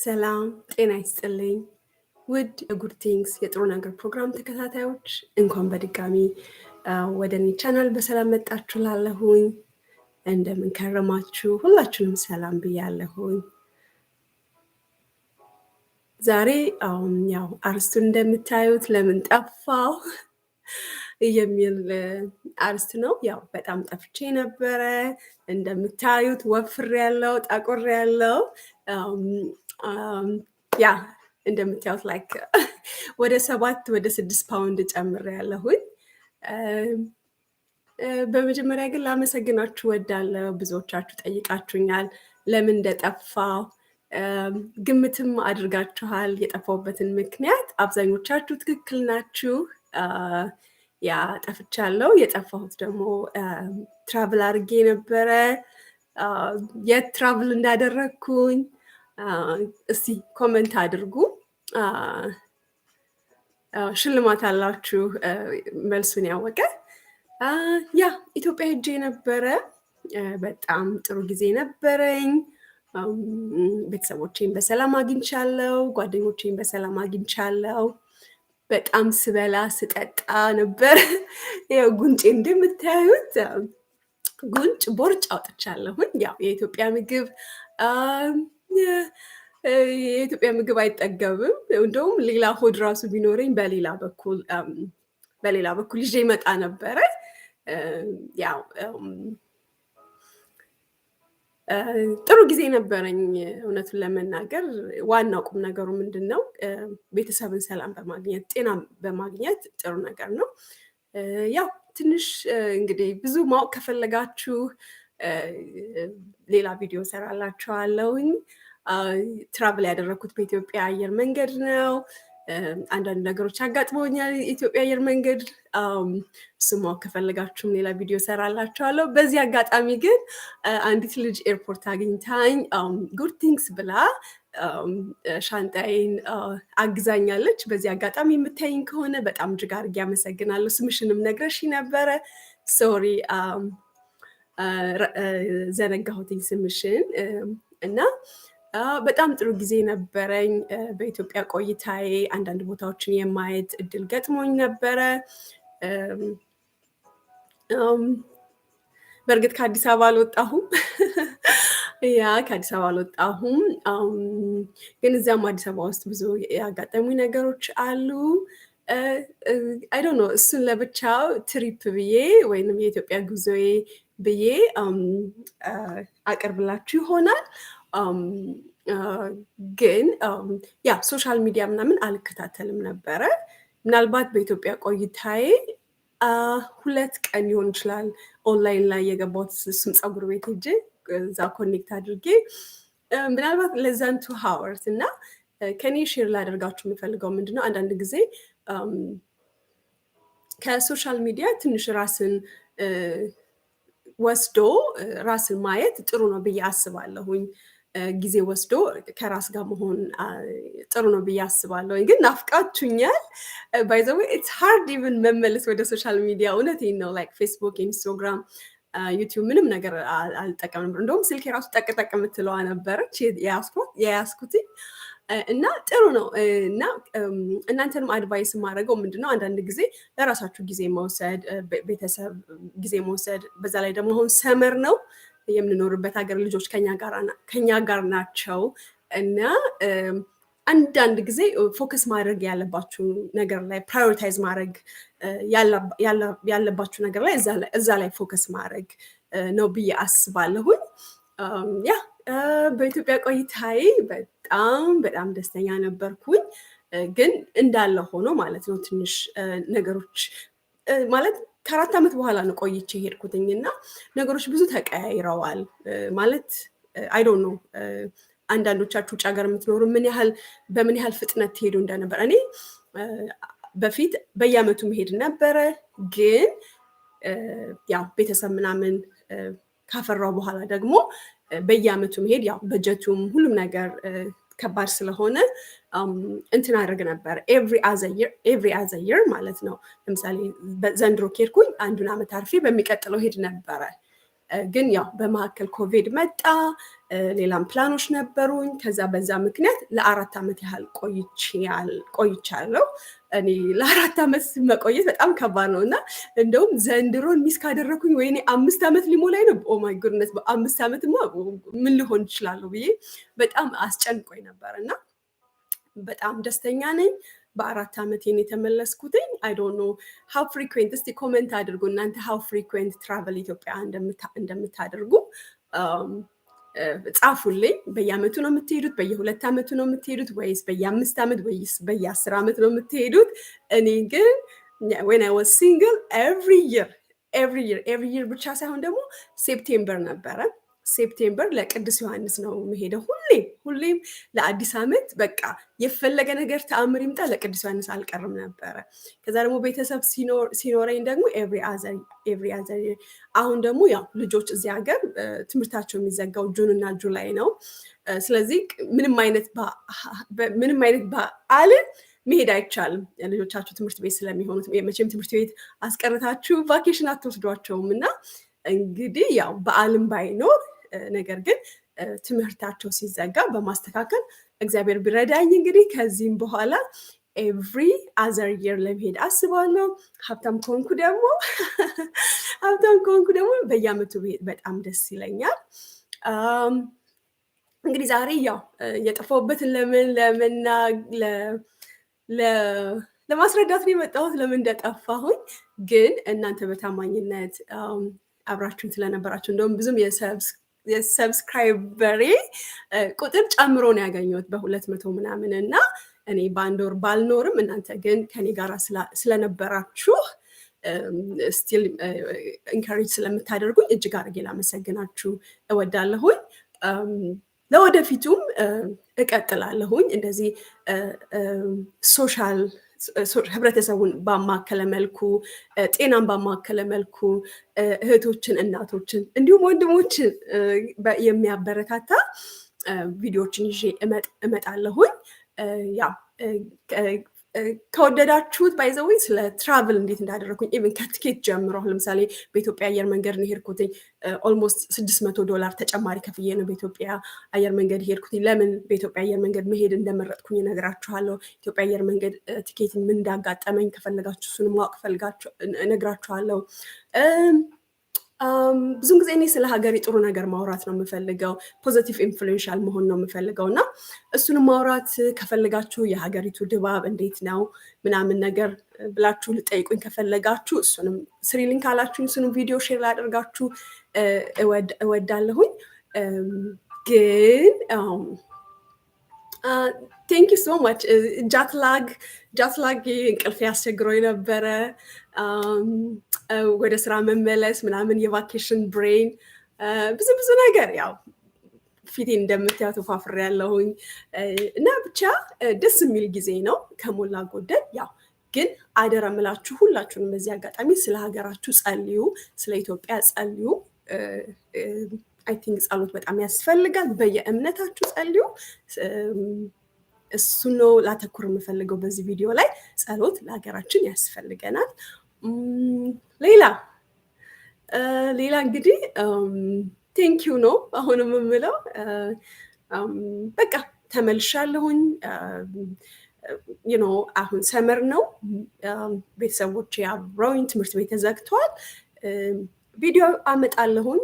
ሰላም ጤና ይስጥልኝ። ውድ የጉድ ቲንግስ የጥሩ ነገር ፕሮግራም ተከታታዮች እንኳን በድጋሚ ወደ እኔ ቻናል በሰላም መጣችሁ። ላለሁኝ እንደምንከረማችሁ ሁላችሁንም ሰላም ብያለሁኝ። ዛሬ ያው አርስቱ እንደምታዩት ለምን ጠፋው የሚል አርስት ነው። ያው በጣም ጠፍቼ ነበረ። እንደምታዩት ወፍር ያለው ጠቁር ያለው Um, ያ እንደምታዩት ላይክ ወደ ሰባት ወደ ስድስት ፓውንድ ጨምር ያለሁኝ። um, uh, በመጀመሪያ ግን ላመሰግናችሁ ወዳለው ብዙዎቻችሁ ጠይቃችሁኛል፣ ለምን እንደጠፋው um, ግምትም አድርጋችኋል። የጠፋሁበትን ምክንያት አብዛኞቻችሁ ትክክል ናችሁ። uh, ያ ጠፍቻለሁ። የጠፋሁት ደግሞ ትራቭል አድርጌ ነበረ። uh, የት ትራቭል እንዳደረግኩኝ እስቲ ኮመንት አድርጉ። ሽልማት አላችሁ መልሱን ያወቀ። ያ ኢትዮጵያ ሄጄ ነበረ። በጣም ጥሩ ጊዜ ነበረኝ። ቤተሰቦቼን በሰላም አግኝቻለሁ። ጓደኞቼን በሰላም አግኝቻለሁ። በጣም ስበላ ስጠጣ ነበር። ያው እንደምታዩት ጉንጭ ቦርጭ አውጥቻለሁኝ። ያው የኢትዮጵያ ምግብ የኢትዮጵያ ምግብ አይጠገብም። እንደውም ሌላ ሆድ ራሱ ቢኖረኝ በሌላ በኩል በሌላ በኩል ይዤ ይመጣ ነበረ። ያው ጥሩ ጊዜ ነበረኝ። እውነቱን ለመናገር ዋናው ቁም ነገሩ ምንድን ነው? ቤተሰብን ሰላም በማግኘት ጤና በማግኘት ጥሩ ነገር ነው። ያው ትንሽ እንግዲህ ብዙ ማወቅ ከፈለጋችሁ ሌላ ቪዲዮ ሰራላችኋለሁኝ። ትራቭል ያደረግኩት በኢትዮጵያ አየር መንገድ ነው። አንዳንድ ነገሮች አጋጥመውኛል ኢትዮጵያ አየር መንገድ ስሟ ከፈለጋችሁም ሌላ ቪዲዮ ሰራላችኋለሁ። በዚህ አጋጣሚ ግን አንዲት ልጅ ኤርፖርት አግኝታኝ ጉድ ቲንግስ ብላ ሻንጣዬን አግዛኛለች። በዚህ አጋጣሚ የምታይኝ ከሆነ በጣም እጅግ አድርጌ አመሰግናለሁ። ስምሽንም ነግረሽ ነበረ ሶሪ ዘነጋሁትኝ ስምሽን እና በጣም ጥሩ ጊዜ ነበረኝ። በኢትዮጵያ ቆይታዬ አንዳንድ ቦታዎችን የማየት እድል ገጥሞኝ ነበረ። በእርግጥ ከአዲስ አበባ አልወጣሁም። ያ ከአዲስ አበባ አልወጣሁም፣ ግን እዚያም አዲስ አበባ ውስጥ ብዙ ያጋጠሙኝ ነገሮች አሉ። አይዶ ነው እሱን ለብቻው ትሪፕ ብዬ ወይንም የኢትዮጵያ ጉዞዬ ብዬ አቅርብላችሁ ይሆናል። ግን ያ ሶሻል ሚዲያ ምናምን አልከታተልም ነበረ። ምናልባት በኢትዮጵያ ቆይታዬ ሁለት ቀን ሊሆን ይችላል ኦንላይን ላይ የገባሁት እሱም ፀጉር ቤት ሄጄ እዛ ኮኔክት አድርጌ ምናልባት ለዛን ቱ ሀወርስ እና ከኔ ሼር ላደርጋችሁ የምፈልገው ምንድነው አንዳንድ ጊዜ ከሶሻል ሚዲያ ትንሽ ራስን ወስዶ ራስን ማየት ጥሩ ነው ብዬ አስባለሁኝ። ጊዜ ወስዶ ከራስ ጋር መሆን ጥሩ ነው ብዬ አስባለሁ። ግን ናፍቃችሁኛል። ባይ ዘ ኢትስ ሃርድ ኢቭን መመለስ ወደ ሶሻል ሚዲያ እውነት ነው። ላይክ ፌስቡክ፣ ኢንስታግራም፣ ዩቲዩብ ምንም ነገር አልጠቀም ነበር። እንደውም ስልክ የራሱ ጠቅጠቅ የምትለዋ ነበረች የያዝኩት እና ጥሩ ነው እና እናንተንም አድቫይስ የማደርገው ምንድነው አንዳንድ ጊዜ ለራሳችሁ ጊዜ መውሰድ፣ ቤተሰብ ጊዜ መውሰድ። በዛ ላይ ደግሞ አሁን ሰመር ነው የምንኖርበት ሀገር ልጆች ከኛ ጋር ናቸው እና አንዳንድ ጊዜ ፎከስ ማድረግ ያለባችሁ ነገር ላይ ፕራዮሪታይዝ ማድረግ ያለባችሁ ነገር ላይ እዛ ላይ ፎከስ ማድረግ ነው ብዬ አስባለሁኝ ያ በኢትዮጵያ ቆይታዬ በጣም በጣም ደስተኛ ነበርኩኝ። ግን እንዳለ ሆኖ ማለት ነው ትንሽ ነገሮች ማለት ከአራት ዓመት በኋላ ነው ቆይቼ ሄድኩትኝ እና ነገሮች ብዙ ተቀያይረዋል። ማለት አይዶ ነው አንዳንዶቻችሁ ውጭ ሀገር የምትኖሩ ምን ያህል በምን ያህል ፍጥነት ትሄዱ እንደነበር እኔ በፊት በየዓመቱ መሄድ ነበረ። ግን ያው ቤተሰብ ምናምን ካፈራው በኋላ ደግሞ በየአመቱ መሄድ ያው በጀቱም ሁሉም ነገር ከባድ ስለሆነ እንትን አድርግ ነበር ኤቭሪ አዘየር ማለት ነው። ለምሳሌ ዘንድሮ ኬድኩኝ አንዱን አመት አርፌ በሚቀጥለው ሄድ ነበረ። ግን ያው በመካከል ኮቪድ መጣ፣ ሌላም ፕላኖች ነበሩኝ። ከዛ በዛ ምክንያት ለአራት ዓመት ያህል ቆይቻለሁ። እኔ ለአራት ዓመት መቆየት በጣም ከባድ ነው እና እንደውም ዘንድሮን ሚስ ካደረኩኝ ወይኔ አምስት ዓመት ሊሞላኝ ነው። ኦማይ ጉድነት በአምስት ዓመት ምን ልሆን እችላለሁ ብዬ በጣም አስጨንቆኝ ነበር እና በጣም ደስተኛ ነኝ። በአራት ዓመቴን የተመለስኩትኝ። አይ ዶንት ኖ ሃው ፍሪኩዌንት። እስቲ ኮመንት አድርጉ እናንተ ሃው ፍሪኩዌንት ትራቨል ኢትዮጵያ እንደምታደርጉ um, ጻፉልኝ። በየአመቱ ነው የምትሄዱት? በየሁለት ዓመቱ ነው የምትሄዱት? ወይስ በየአምስት ዓመት ወይስ በየአስር ዓመት ነው የምትሄዱት? እኔ ግን ወን አይ ዋዝ ሲንግል ኤቭሪ ይር ኤቭሪ ይር ኤቭሪ ይር ብቻ ሳይሆን ደግሞ ሴፕቴምበር ነበረ። ሴፕቴምበር ለቅዱስ ዮሐንስ ነው የምሄደው ሁሌ ሁሌም ለአዲስ ዓመት በቃ የፈለገ ነገር ተአምር ይምጣ ለቅዱስ ዮሐንስ አልቀርም ነበረ። ከዛ ደግሞ ቤተሰብ ሲኖረኝ ደግሞ ኤቭሪ አዘር አሁን ደግሞ ያው ልጆች እዚህ ሀገር ትምህርታቸው የሚዘጋው ጁን እና ጁላይ ነው። ስለዚህ ምንም አይነት በዓልን መሄድ አይቻልም። ልጆቻችሁ ትምህርት ቤት ስለሚሆኑት መቼም ትምህርት ቤት አስቀርታችሁ ቫኬሽን አትወስዷቸውም እና እንግዲህ ያው በዓልም ባይኖር ነገር ግን ትምህርታቸው ሲዘጋ በማስተካከል እግዚአብሔር ቢረዳኝ እንግዲህ ከዚህም በኋላ ኤቭሪ አዘር የር ለመሄድ አስባለሁ። ሀብታም ከሆንኩ ደግሞ ሀብታም ከሆንኩ ደግሞ በየአመቱ ብሄድ በጣም ደስ ይለኛል። እንግዲህ ዛሬ ያው የጠፋሁበትን ለምን ለምና ለማስረዳት ነው የመጣሁት፣ ለምን እንደጠፋሁኝ ግን እናንተ በታማኝነት አብራችሁን ስለነበራችሁ እንደውም ብዙም የሰብስ የሰብስክራይበሬ ቁጥር ጨምሮ ነው ያገኘሁት በሁለት መቶ ምናምን እና እኔ በአንድ ወር ባልኖርም እናንተ ግን ከኔ ጋር ስለነበራችሁ ስቲል ኢንካሬጅ ስለምታደርጉኝ እጅግ አድርጌ ላመሰግናችሁ እወዳለሁኝ። ለወደፊቱም እቀጥላለሁኝ እንደዚህ ሶሻል ህብረተሰቡን ባማከለ መልኩ ጤናን ባማከለ መልኩ እህቶችን፣ እናቶችን እንዲሁም ወንድሞችን የሚያበረታታ ቪዲዮዎችን ይዤ እመጣለሁኝ። ያ ከወደዳችሁት ባይዘዌ ስለ ትራቭል እንዴት እንዳደረግኩኝ ኢቨን ከትኬት ጀምሮ ለምሳሌ በኢትዮጵያ አየር መንገድ ነው ሄድኩትኝ። ኦልሞስት ስድስት መቶ ዶላር ተጨማሪ ከፍዬ ነው በኢትዮጵያ አየር መንገድ ሄድኩትኝ። ለምን በኢትዮጵያ አየር መንገድ መሄድ እንደመረጥኩኝ እነግራችኋለሁ። ኢትዮጵያ አየር መንገድ ትኬት ምን እንዳጋጠመኝ ከፈለጋችሁ እሱን ማወቅ እነግራችኋለሁ። ብዙን ጊዜ እኔ ስለ ሀገሬ ጥሩ ነገር ማውራት ነው የምፈልገው። ፖዘቲቭ ኢንፍሉዌንሻል መሆን ነው የምፈልገው እና እሱንም ማውራት ከፈለጋችሁ የሀገሪቱ ድባብ እንዴት ነው ምናምን ነገር ብላችሁ ልጠይቁኝ ከፈለጋችሁ እሱንም ስሪሊንክ አላችሁኝ። እሱንም ቪዲዮ ሼር ላደርጋችሁ እወዳለሁኝ ግን ቴንክ ዩ ሶ ማች ጃትላግ ጃትላግ እንቅልፍ ያስቸግሮኝ የነበረ um, uh, ወደ ስራ መመለስ ምናምን የቫኬሽን ብሬን uh, ብዙ ብዙ ነገር ያው ፊቴን እንደምታዩ ተፋፍሬ ያለሁኝ uh, እና ብቻ ደስ የሚል ጊዜ ነው ከሞላ ጎደል ያው ግን አደራ ምላችሁ ሁላችሁንም በዚህ አጋጣሚ ስለ ሀገራችሁ ጸልዩ፣ ስለ ኢትዮጵያ ጸልዩ። አይ ቲንክ ጸሎት በጣም ያስፈልጋል። በየእምነታችሁ ጸልዩ። እሱ ነው ላተኩር የምፈልገው በዚህ ቪዲዮ ላይ። ጸሎት ለሀገራችን ያስፈልገናል። ሌላ ሌላ እንግዲህ ዩ ነው አሁንም የምለው በቃ ተመልሻለሁኝ። ዩኖ አሁን ሰመር ነው። ቤተሰቦች አብረውኝ ትምህርት ቤት ተዘግተዋል። ቪዲዮ አመጣለሁኝ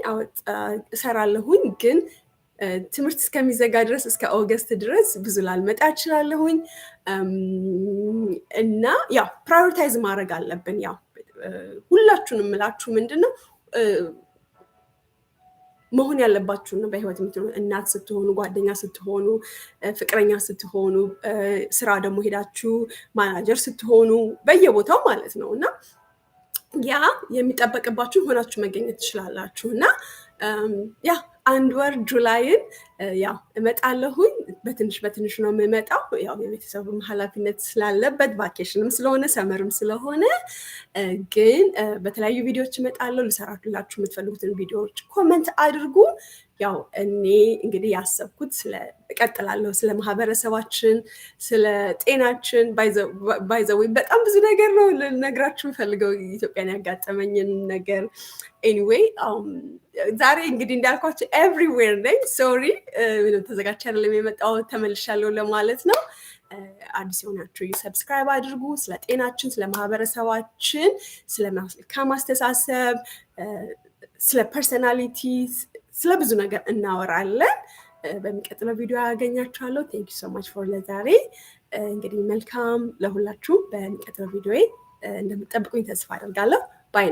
እሰራለሁኝ ግን ትምህርት እስከሚዘጋ ድረስ እስከ ኦገስት ድረስ ብዙ ላልመጣ እችላለሁኝ እና ያው ፕራዮሪታይዝ ማድረግ አለብን። ያው ሁላችሁን የምላችሁ ምንድን ነው መሆን ያለባችሁ ነው በህይወት የምትሆኑ እናት ስትሆኑ፣ ጓደኛ ስትሆኑ፣ ፍቅረኛ ስትሆኑ፣ ስራ ደግሞ ሄዳችሁ ማናጀር ስትሆኑ፣ በየቦታው ማለት ነው እና ያ የሚጠበቅባችሁ ሆናችሁ መገኘት ትችላላችሁ እና ያ አንድ ወር ጁላይን ያው እመጣለሁኝ። በትንሽ በትንሽ ነው የምመጣው። ያው የቤተሰቡም ኃላፊነት ስላለበት ቫኬሽንም ስለሆነ ሰመርም ስለሆነ ግን በተለያዩ ቪዲዮዎች እመጣለሁ። ልሰራላችሁ የምትፈልጉትን ቪዲዮዎች ኮመንት አድርጉ። ያው እኔ እንግዲህ ያሰብኩት እቀጥላለሁ ስለ ማህበረሰባችን፣ ስለ ጤናችን ባይዘዊ በጣም ብዙ ነገር ነው ልነግራችሁ የምፈልገው ኢትዮጵያን ያጋጠመኝን ነገር። ኤኒዌይ ዛሬ እንግዲህ እንዳልኳቸው ኤቭሪዌር ነኝ። ሶሪ ምንም ተዘጋጅቼ አይደለም የመጣሁት ተመልሻለሁ ለማለት ነው። አዲስ የሆናችሁ ሰብስክራይብ አድርጉ። ስለ ጤናችን፣ ስለ ማህበረሰባችን፣ ስለ መልካም አስተሳሰብ፣ ስለ ፐርሶናሊቲ ስለ ብዙ ነገር እናወራለን። በሚቀጥለው ቪዲዮ ያገኛችኋለሁ። ቴንክ ዩ ሶ ማች ፎር ለዛሬ እንግዲህ መልካም ለሁላችሁም። በሚቀጥለው ቪዲዮ እንደምጠብቁኝ ተስፋ አደርጋለሁ። ባይ